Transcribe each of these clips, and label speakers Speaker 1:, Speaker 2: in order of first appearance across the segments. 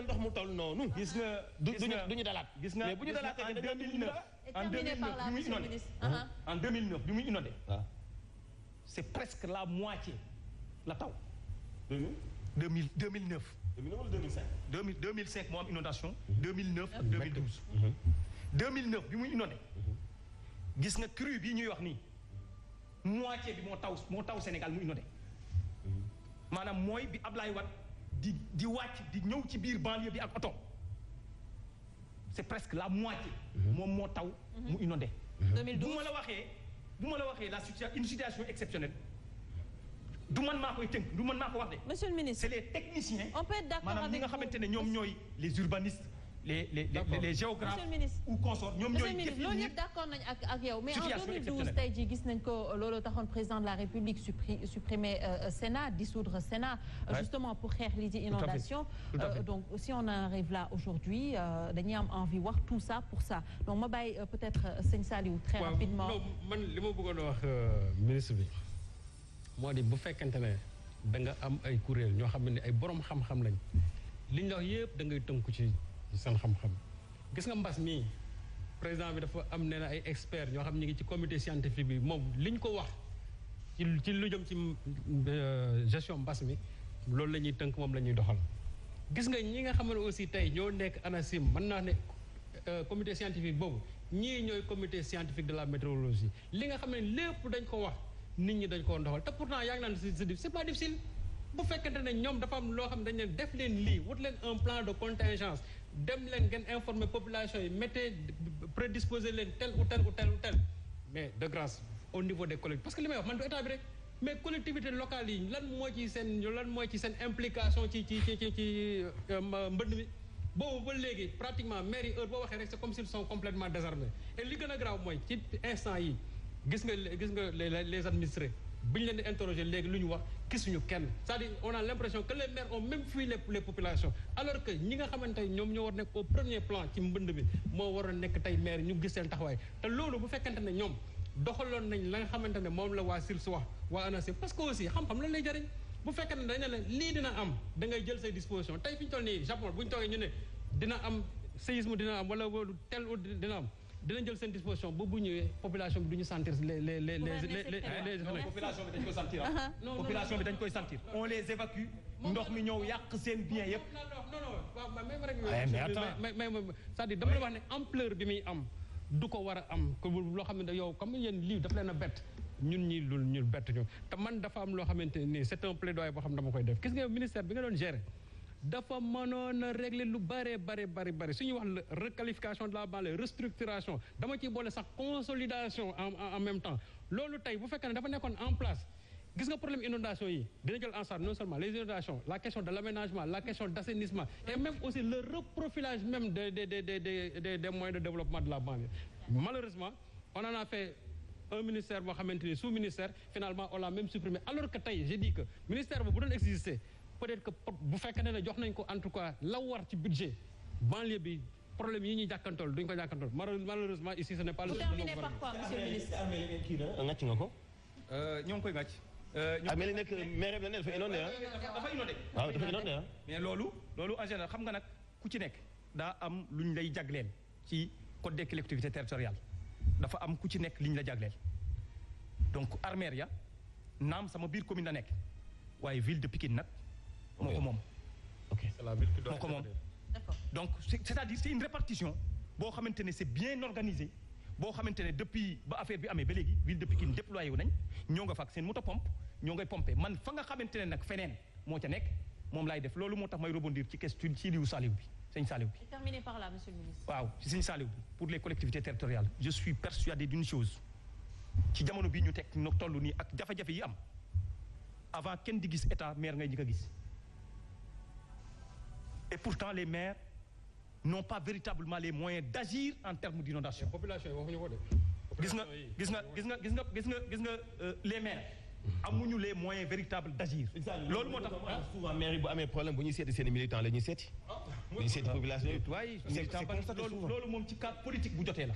Speaker 1: ndox mu toll noonu. gis nga gis nga du ñu dalaat. gis nga bu ñu dalaatee en 2009 en 2009 uh-huh. en 2009 bi muy inondé. Ah. c'est presque la moitié la taw. 2000 2009. 2009 wala 2005. 2000 2005 moo am inondation. 2009 ak 2012. 2009 mhm. bi muy inondé. Mhm. gis nga crue bii ñuy wax nii. moitié bi moo taw moo taw Sénégal mu inondé. Mhm. maanaam mooy bi Ablaye Wade. di di wàcc di ñëw ci biir banlieue bi ak oto c'est presque la moitié. Mhm. moom moo taw mhm. mu inondé. 2012 mhm. bu ma la waxee bu ma la waxee la situation une situation exceptionnelle du man maa koy tënk du man maa ko wax de. monsieur le ministre c'est les techniciens. on peut être d'accord nga xamante ne ñoom ñooy les urbanistes. les les les les géographes ou consorts ñoom ñooy. définir loolu yëpp d' accord nañ ak ak yow. mais en 2012 tey jii gis nañ ko euh, looloo taxoon président de la république supprimer supprimer euh, euh, Sénat dissoudre Sénat. justement pour xeex lii di inondation. donc si on arrive là aujourd'hui dañuy am envie wax tout ça pour ça donc ma bàyyi peut être sëñ Saliou. très rapidement waaw non
Speaker 2: man li ma bëggoon a wax ministre bi moo di bu fekkente ne da nga am ay kuréel ñoo xam ne ay borom xam-xam lañ liñ la wax yëpp da ngay tënku ci. seen xam-xam gis nga mbas mii président bi dafa am nee na ay experts ñoo xam ñu ngi ci comité scientifique bi moom li ñu ko wax ci ci lu jëm ci euh, gestion mbas mi loolu la ñuy tënk moom la ñuy doxal gis nga ñi nga xam ne aussi tey ñoo nekk ANACIM mën naa ne euh, comité scientifique boobu ñii ñooy comité scientifique de la météorologie li nga xam ne lépp dañ ko wax nit ñi dañ koo doxal te pourtant yaa ngi naan si c'est bu fekkente ne ñoom dafa am loo xam ne dañ de contingence dem leen ngeen informé population yi mettez prédisposer leen tel ou tel ou tel ou tel mais de grâce au niveau des collectivités parce que li may wax man du état bi rek mais collectivité locale yi lan moo ci seen lan mooy ci seen implication ci ci ci ci ci euh, mbënd mi boobu ba léegi pratiquement maire yi heure boo waxee rek c'est comme s'ils sont complètement désarmés et li gën a grave mooy ci instant yi gis nga gis nga les administrés bi ñu leen di léegi lu ñu wax ñu kenn c'est-à-dire on a l'impression que les maires ont même fui les les alors que ñi nga xamante ne ñoom ñoo war nekk au premier plan ci mbënd bi moo war nekk tey maire ñu gis seen taxawaay te loolu bu fekkente ne ñoom doxaloon nañ la nga xamante ne moom la waa SILS wax waa ANACIM parce que aussi xam-xam lan lay jariñ bu fekkee ne dañ ne la lii dina am da ngay jël say disposition tey fi ñu toll nii Japon bu ñu ne dina am séisme dina am wala tel dina am dinañ jël seen disposition ba bu ñëwee population bi du ñu sentir les les les les population bi dañ koy sentir ah, ah. population koy sentir on les évacue ndox mi ñëw yàq seen bien yëpp mais c'est-à-dire dama la wax ne ampleur bi muy am du ko war a am ko loo xam ne yow comme yéen lii daf leen bett ñun ñi lul ñu bett ñu te man dafa am loo xamante nii c'est un plaidoyer boo xam ne dama koy def gis nga ministère bi nga doon gérer dafa mënoon a régler lu bare bare bare bare su ñuy wax requalification de la banlieue restructuration dama ciy boole sax consolidation en en même temps loolu tey bu fekkee ne dafa nekkoon en place gis nga problème inondation yi dina jël en charge non seulement les inondations la question de l'aménagement la question d'assainissement et même aussi le reprofilage même des des des des des de développement de la banlieue malheureusement on en a fait un ministère boo xamante ni sous-ministère finalement on l'a même supprimé alors que tey peut-être que bu fekkee ne jox nañ ko en tout cas la war ci budget banlieue bi problème yi ñuy jàkkantool duñ ko jàkkantool malheureusement ici ce n'est pas nga ko. Euh, ñoo ngi koy ngàcc. ah mais
Speaker 1: li nekk maire bi la ne dafa inondé ah. Euh, dafa ah, ah. mais loolu loolu en général xam nga nag ku ci nekk daa am lu ñu lay jagleel ci code des collectivités territoriales dafa am ku ci nekk liñ la jagleel donc Armeria naam sama biir commune la nekk waaye ville de Pikine nag. moo ko moom ok moo ko moom donc cest a dire c'est une répartition boo xamante ne c'est bien organisé boo xamante ne depuis ba affaire bi amee ba léegi ville de Pikine déployé wu nañ ñoo nga fa seen moto ñoo ngay pomper man fa nga xamante ne nag feneen moo ca nekk moom laay def loolu moo tax may rebondir ci question ci liwu Saliou bi bi.
Speaker 2: terminé par là monsieur le ministre.
Speaker 1: waaw ci sëñ Saliou bi pour les collectivités territoriales je suis persuadé d'une chose ci jamono bii ñu teg ñu toll nii ak jafe-jafe yi am avant kenn di gis état maire ngay njëkk a gis. e pourtant, les maires n'ont pas véritablement les moyens d'agir en termes d'inondation. population yi gis nga gis nga gis nga gis nga gis nga gis nga les maires. moyens véritables d'agir. loolu moo tax ah. problème bu ñuy seeti seen militant la ñuy seeti. ah mooy population yi. waaye loolu moom ci cadre politique bu jotee la.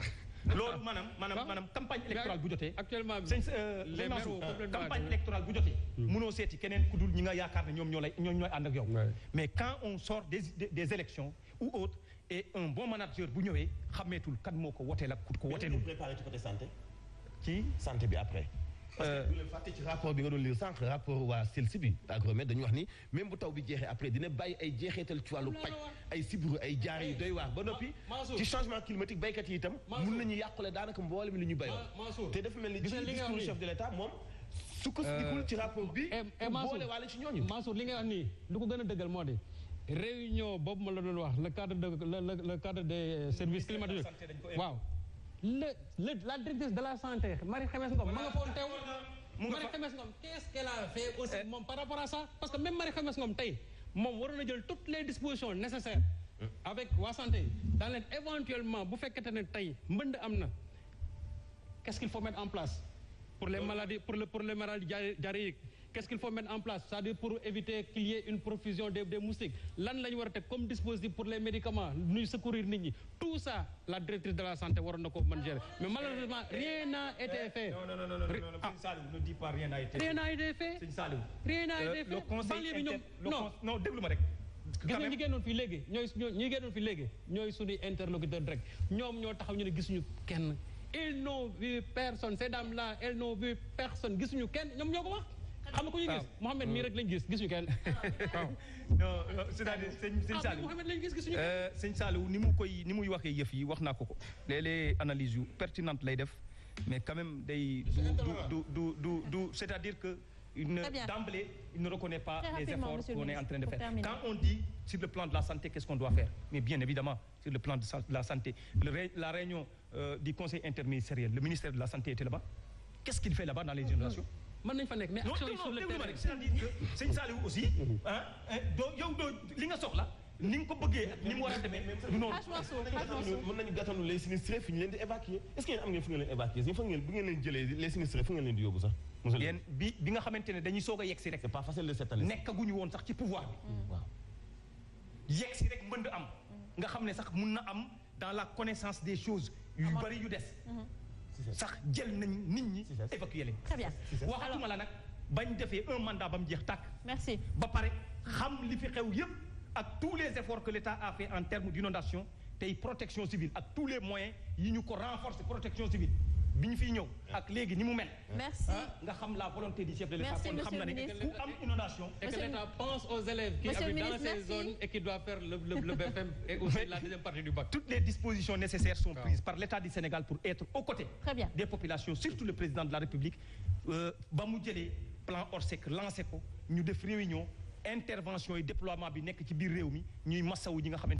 Speaker 1: loolu maanaam maanaam maanaam campagne électorale bu jotee. actuellement bi euh, les maires campagne électorale bu jotee. mënoo hmm. seeti keneen ku dul ñi nga yaakaar na ñoom ñoo lay ñoom ñooy ànd ak yow. mais quand on sort des des, des élections ou autres et un bon manager bu ñëwee xàmmeetul kan moo ko woteel ak ku ko woteelul. mais préparé ci côté santé. ci santé bi après. parce que du euh. leen fàtte ci rapport bi nga doon lire sànq rapport waa SELSI bi dañu wax ni même bu taw bi jeexee après dina bàyyi ay jeexeetal ci paj ay sibiru ay jaar yu doy waar ba noppi ci changement climatique baykat yi itam mun nañu yàqule daanaka
Speaker 2: mboolem li ñu béyoon te dafa mel ni gis discours chef de l'état moom sukkandikul ci euh, rapport bi eh, eh, boole waale li ngay wax nii lu ko gën a dëggal moo di réunion boobu ma la doon wax le cadre de le cadre des services climatiques waaw le le la directrice de la santé Marie Khemesse Ngom ma nga foon teew Marie Khemesse Ngom qu'est-ce qu'elle a fait aussi eh. moom par rapport à ça parce que même Marie Khemesse Ngom tey moom waroon na jël toutes les dispositions nécessaires eh. avec waa santé dans leen éventuellement bu fekkete ne tey mbënd am na qu'est-ce qu'il faut mettre en place pour les maladies pour le pour les maladies diarrhéiques qu'est-ce qu'il faut mettre en place c'est-à-dire pour éviter qu'il y une profusion des des moustiques lan la ñu comme dispositif pour les médicaments nuy secourir nit ñi tout ça la directrice de la santé waroon na ko mën gérer mais malheureusement rien n'a été eh, fait. non non non non non sëñ Saliou ne dis pas rien n'a été fait. rien n'a été fait. sëñ Saliou. rien n'a euh, déglu ma rek. gis nga ñi génnoon fii léegi ñooy ñi génnoon interlocuteur rek ñoom ñoo taxaw ñu ne gisuñu kenn ils n'ont vu personne ces dames là elles n'ont vu personne gisuñu kenn ñoom ñoo ko wax. xam nga ku ñu gis Mouhamed mii rek lañ gis gisuñu kenn
Speaker 1: waaw non euh, c'est-à-dire sëñ sëñ ah, Saliou Mouhamed gis gisuñu kenn euh, sëñ Saliou ni mu koy ni muy waxee yëf yi wax naa ko ko léeg-léeg analyse yu pertinente lay def mais quand même day du du du c'est-à-dire que d'emblée il ne reconnaît pas les efforts qu'on est en train de faire quand on dit sur le plan de la santé qu'est-ce qu'on doit faire mais bien évidemment sur le plan de la santé le, la réunion euh, du conseil interministériel le ministère de la santé était là qu'est-ce qu'il fait là dans les mhm.
Speaker 2: mën nañ fa nekk mais action yi sur le terrain
Speaker 1: c'est-à-dire que sëñ Saliou aussi ah doo yow doo li nga soxla ni nga ko bëggee ak ni mu war a demee du noonu leen di évacuer est-ce que yéen am ngeen fu ngeen leen di yóbbu sax yéen bi bi nga xamante ne dañuy soog a yegg si rek c'est pas facile de s'étaler nekkaguñu woon sax ci pouvoir bi mm. yegg si rek mbënd am mm. nga xam ne sax mun na am dans la connaissance des choses yu bari yu des mm-hmm. sax jël nañ nit ñi évacuer leen très bien waxatuma la nag bañ defee un mandat ba mu jeex tàkk merci ba pare xam li fi xew yépp ak tous les efforts que l'État a fait en termes d'inondation tey protection civile ak tous les moyens yi ñu ko renforcer protection civile bi ñu fiy ñëw ak léegi ni mu mel. merci ah, nga xam la volonté du chef de l'État kon xam na ne ku am inondation. et que l'État pense toutes les dispositions nécessaires sont prises par l'État du Sénégal pour être aux côtés. des populations surtout le président de la République euh, ba mu jëlee plan Orsec lancé ko ñu def réunion intervention yi déploiement bi nekk ci biir réew mi ñuy massawu ñi nga xamante